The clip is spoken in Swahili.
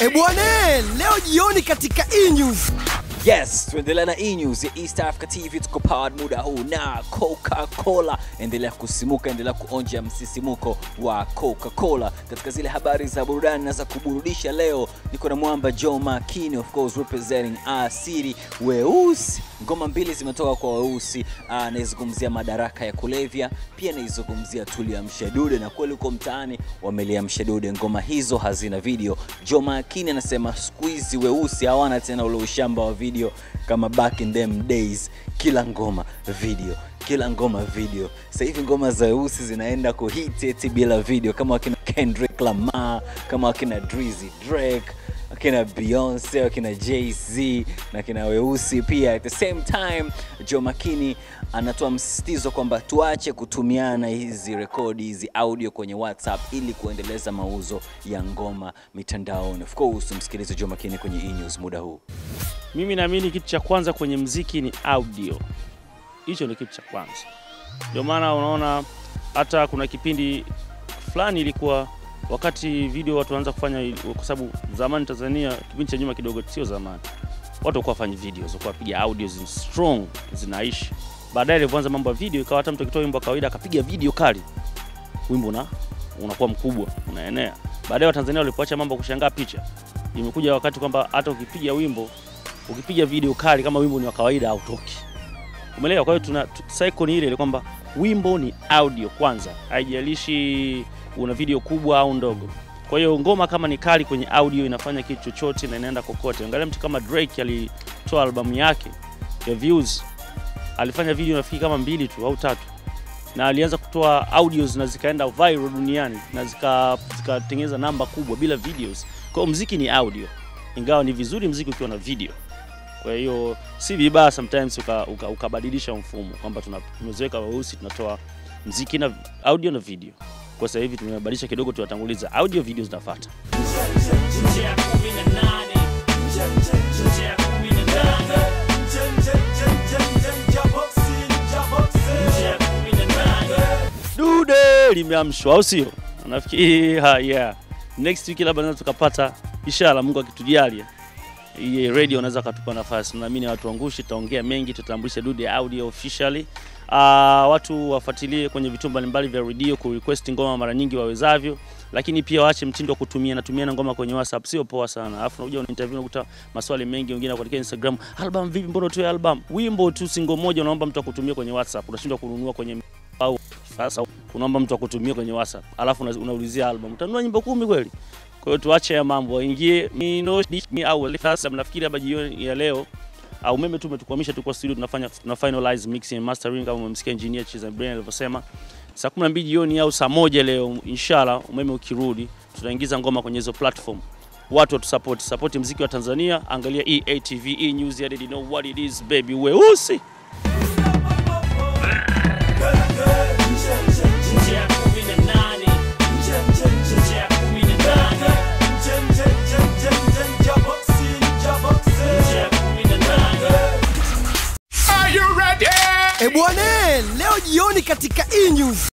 ebwane eh, leo jioni katika enews Yes, tuendelea na enews ya East Africa TV, tuko powered muda huu na Coca-Cola. Endelea kusimuka, endelea kuonja msisimuko wa Coca-Cola katika zile habari za burudani na za kuburudisha. Leo niko na mwamba Joe Makini, of course representing asiri weusi Ngoma mbili zimetoka kwa Weusi, ah, anaizungumzia madaraka ya kulevya, pia anaizungumzia ya dude, na kweli uko mtaani wameliamsha dude. Ngoma hizo hazina video. jo makini anasema siku hizi Weusi hawana tena ule ushamba wa video kama back in them days, kila ngoma video kila ngoma video. Sasa hivi ngoma za Weusi zinaenda kuhit eti bila video, kama wakina Kendrick Lamar, kama wakina Drizzy Drake akina Beyonce, akina Jay-Z na akina weusi pia. At the same time, jo Makini anatoa msisitizo kwamba tuache kutumiana hizi rekodi hizi audio kwenye WhatsApp ili kuendeleza mauzo ya ngoma mitandaoni. Of course, msikilize Makini kwenye E News muda huu. Mimi naamini kitu cha kwanza kwenye mziki ni audio, hicho ni kitu cha kwanza. Ndio maana unaona hata kuna kipindi fulani ilikuwa wakati video watu wanaanza kufanya, kwa sababu zamani Tanzania, kipindi cha nyuma kidogo, sio zamani, watu walikuwa wafanya videos, walikuwa wapiga audio zin strong zinaishi. Baadaye alivyoanza mambo ya video, ikawa hata mtu akitoa wimbo kawaida akapiga video kali, wimbo na unakuwa mkubwa, unaenea. Baadaye Watanzania walipoacha mambo kushangaa picha, imekuja wakati kwamba hata ukipiga wimbo, ukipiga video kali, kama wimbo ni wa kawaida hautoki. Umeelewa? Kwa hiyo tuna cycle ni ile ile kwamba wimbo ni audio kwanza, haijalishi una video kubwa au ndogo. Kwa hiyo ngoma kama ni kali kwenye audio inafanya kitu chochote na inaenda kokote. Angalia mtu kama Drake alitoa albamu yake ya Views, alifanya video nafikiri kama mbili tu au tatu, na alianza kutoa audios na zikaenda viral duniani na zikatengeneza zika namba kubwa bila videos. Kwa hiyo mziki ni audio, ingawa ni vizuri mziki ukiwa na video. Kwa hiyo si vibaya sometimes ukabadilisha uka, uka mfumo kwamba tumezoeka weusi tunatoa mziki na audio na video. Kwa sasa hivi tumebadilisha kidogo, tunatanguliza audio, video zinafuata. Dude limeamshwa, au sio? Nafikiri ha, yeah. Next week labda naweza tukapata ishara, Mungu akitujalia iye radio unaweza katupa nafasi. Naamini watu wangushi, tutaongea mengi, tutambulisha Dude audio officially. Uh, watu wafuatilie kwenye vituo mbalimbali vya redio ku request ngoma mara nyingi wawezavyo, lakini pia waache mtindo wa kutumia natumia na ngoma kwenye WhatsApp, sio poa sana. Alafu unakuja una interview unakuta maswali mengi, wengine wanakuandikia Instagram, album vipi, mbona tu album? Wimbo tu single moja unaomba mtu akutumie kwenye WhatsApp, unashindwa kununua kwenye au sasa unaomba mtu akutumie kwenye WhatsApp, alafu unaulizia album, utanunua nyimbo kumi kweli? Kwa hiyo tuache ya mambo, ingie no dish mino au sasa, mnafikiri hapa jioni ya leo uh, umeme tu umetukwamisha, tulikuwa studio tunafanya tuna finalize mixing and mastering, kama umemsikia engineer Chiza Brian alivyosema. Saa 12 jioni au saa moja leo, inshallah umeme ukirudi, tunaingiza ngoma kwenye hizo platform watu watu support mziki wa Tanzania. Angalia EATV, E News, I didn't know what it is baby, weusi Ebwane, eh, leo jioni katika e